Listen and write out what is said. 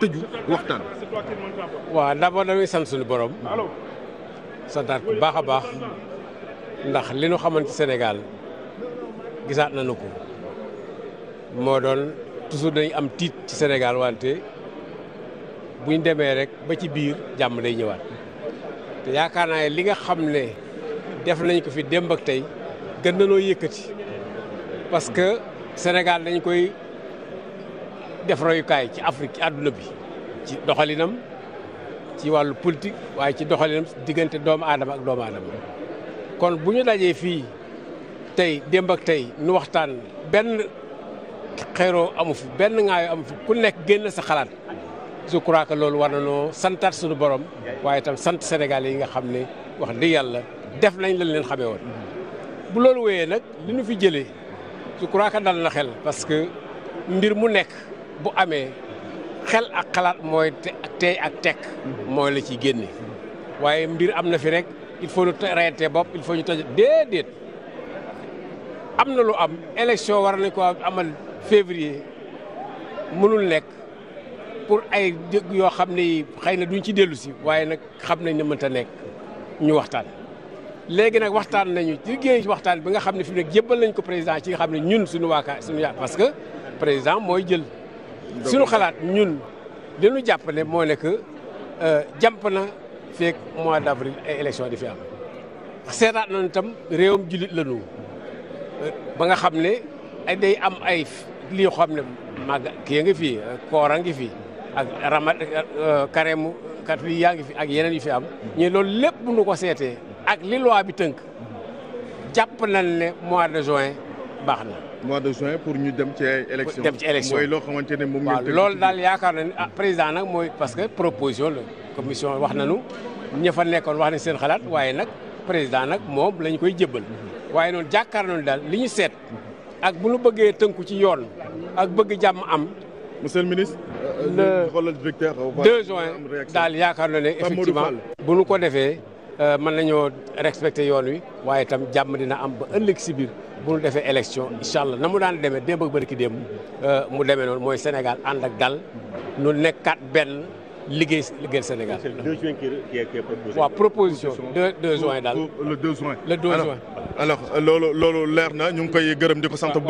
tëju waxtaan. waaw d'abord damay sant suñu borom. santaat bu baax a baax ndax li nu xaman ci Sénégal gisaat nañu ko moo doon toujours dañu am tiit ci Sénégal wante buñ demee rek ba ci biir jàmm day ñëwaat te yaakaar naa li nga xam ne def nañ ko fi démb ak tey gën na noo yëkkati parce que koy. def royukaay ci Afrique ci àdduna bi ci doxalinam ci wàllu politique waaye ci doxalinam diggante doomu aadama ak doom aadama kon bu ñu dajee fii tey démb ak tey nu waxtaan benn xeeroo amu benn ŋaayoo amu fi ku nekk génn sa xalaat je crois que loolu war na noo santaat suñu borom waaye tam sant Sénégal yi nga xam ne wax di yàlla def nañ lañ leen xamee woon bu loolu wéyee nag li ñu fi jëlee je crois que dal na parce que mbir mu nekk bu amee xel ak xalaat mooy tey ak tekk mooy la ciy génne waaye mbir am na fi rek il faut ñu rayante bopp il ñu toj déedéet am na lu am élection war nañ ko amal février mënul nekk pour ay jëg yoo xam ni xëy na duñ ci dellu si waaye nag xam nañ ne mënta nekk ñu waxtaan léegi nag waxtaan nañu ci génn ci waxtaan bi nga xam ne fi mu nekk nañ ko président ci nga xam ne ñun suñu waaka suñu yaa parce que président mooy jël suñu xalaat ñun li ñu jàpp ne moo nekk euh, jàmp na feeg mois d'avril ay élection di fi am seetaat nañu tam réewum jullit la ñu euh, ba nga xam ne ay day am ay li xam ne màgg kii ngi fi koora ngi fi ak rama euh, karemu kat yi yaa ngi fi ak yeneen yu fi am ñu loolu lépp bu ñu ko seetee ak li loi bi tënk jàpp nañ ne mois de juin baax na. mois de juin pour ñu dem ci ay. élection dem ci élection mooy loo xamante ne daal yaakaar na ah président nag mooy parce que proposition la commission wax nañu ña fa nekkoon wax nañ seen xalaat waaye nag président nag moom lañ koy jébbal. waaye noonu jàkkaar nañu daal li ñu seet. ak bu ñu bëggee tënku ci yoon. ak bëgg jàmm am. monsieur le ministre. Euh, le xoolal directeur. 2 juin daal yaakaar na ne effectivement bu ñu ko defee. Euh, mën nañoo respecté yoon wi waaye itam jàmm dina am ba ëllëg si bu ñu defee élection incha allah na mu daan demee démb ak bërki démb euh, mu demee noonu mooy Sénégal ànd ak dal nu nekkaat benn liggéey liggéey Sénégal. c'est le 2 juin qui est proposé. waaw proposition 2 2 juin daal. le 2 juin. le 2 juin alors loolu loolu